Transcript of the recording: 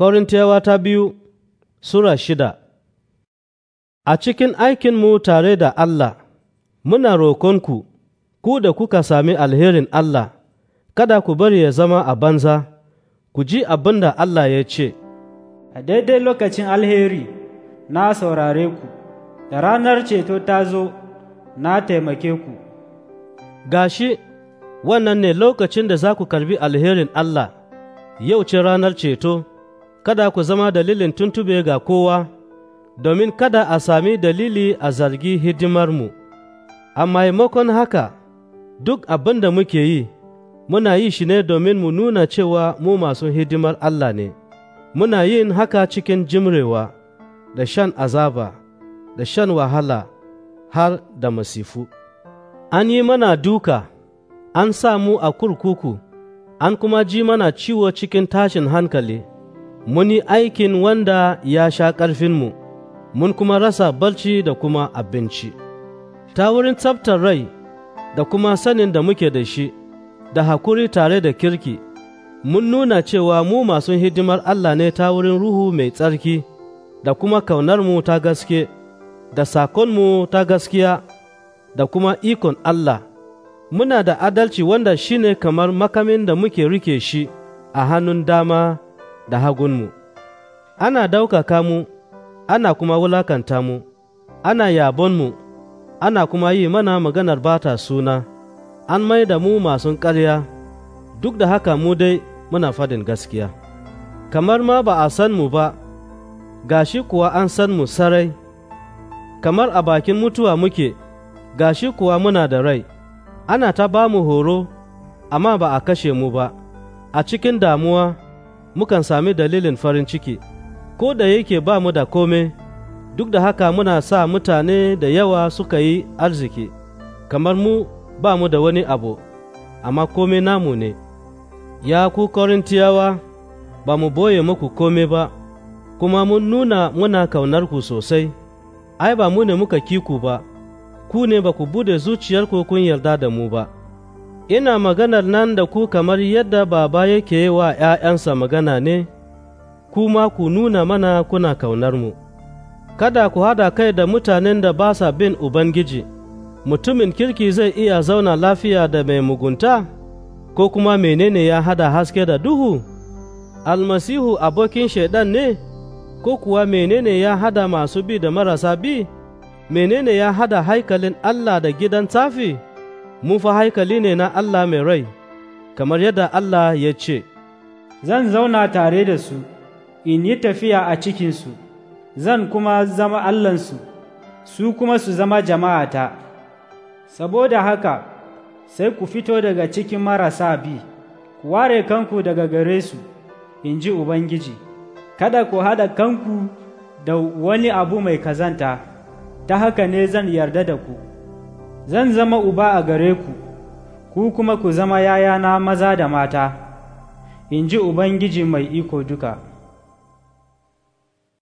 Korintiyawa ta biyu Sura shida A cikin aikinmu tare da Allah, muna rokonku, ku da kuka sami alherin Allah, kada ku bari ya zama a banza, ku ji abin da Allah ya ce. A daidai lokacin alheri, na saurare ku, da ranar ceto ta zo, na taimake ku. Gashi, wannan ne lokacin da za ku karbi alherin Allah, yau ce ranar ceto. kada ku zama dalilin tuntube ga kowa, domin kada a sami dalili a zargi hidimarmu, a maimakon haka duk abin da muke yi, muna yi shi ne domin mu nuna cewa mu masu hidimar Allah ne, muna yin haka cikin jimrewa da shan azaba, da shan wahala har da masifu. An yi mana duka, an sa mu a kurkuku, an kuma ji mana ciwo cikin tashin hankali. Muni aikin wanda ya sha ƙarfinmu, mun kuma rasa barci da kuma abinci. Ta wurin tsabtar rai da kuma sanin da muke da shi, da hakuri tare da kirki, mun nuna cewa mu masu hidimar Allah ne ta wurin Ruhu mai tsarki, da kuma kaunarmu ta gaske, da sakonmu ta gaskiya, da kuma ikon Allah. Muna da adalci wanda shine kamar makamin da muke rike shi a hannun dama. da hagunmu, ana ɗaukaka mu, ana kuma wulakanta mu, ana yabon mu ana kuma yi mana maganar bata suna, an mai da mu masu ƙarya, duk da haka mu dai muna fadin gaskiya. Kamar ma ba a san mu ba, gashi kuwa an san mu sarai, kamar a bakin mutuwa muke, gashi kuwa muna da rai, ana ta ba mu horo, amma ba a kashe mu ba, a cikin damuwa. mukan sami dalilin farin ciki, ko da yake ba mu da kome, duk da haka muna sa mutane da yawa suka yi arziki, kamar mu ba mu da wani abu, amma kome namu ne. Ya ku Korintiyawa, ba mu boye muku kome ba, kuma mun nuna muna kaunarku sosai, ai ba mu ne muka kiku ba, ku ne ba ku bude zuciyarku kun yarda da mu ba. ina maganar nan da ku kamar yadda baba yake wa ’ya'yansa magana ne, kuma ku nuna mana kuna kaunar mu. Kada ku hada kai da mutanen da ba sa bin Ubangiji, mutumin kirki zai iya zauna lafiya da mai mugunta, ko kuma menene ya hada haske da duhu? Almasihu abokin shaidan ne, ko kuwa menene ya hada masu bi da marasa bi? Menene ya hada haikalin Allah da gidan tafi? mu fa haikali ne na Allah mai rai, kamar yadda Allah ya ce, Zan zauna tare da su, in yi tafiya a cikinsu, zan kuma zama Allahnsu, su kuma su zama jama'ata. Saboda haka, sai ku fito daga cikin marasa bi, ku ware kanku daga gare su, in ji Ubangiji, kada ku haɗa kanku da wani abu mai kazanta, ta haka ne zan yarda da ku. zan zama uba a gare ku, ku kuma ku zama yayana maza da mata, in ji Ubangiji mai iko duka.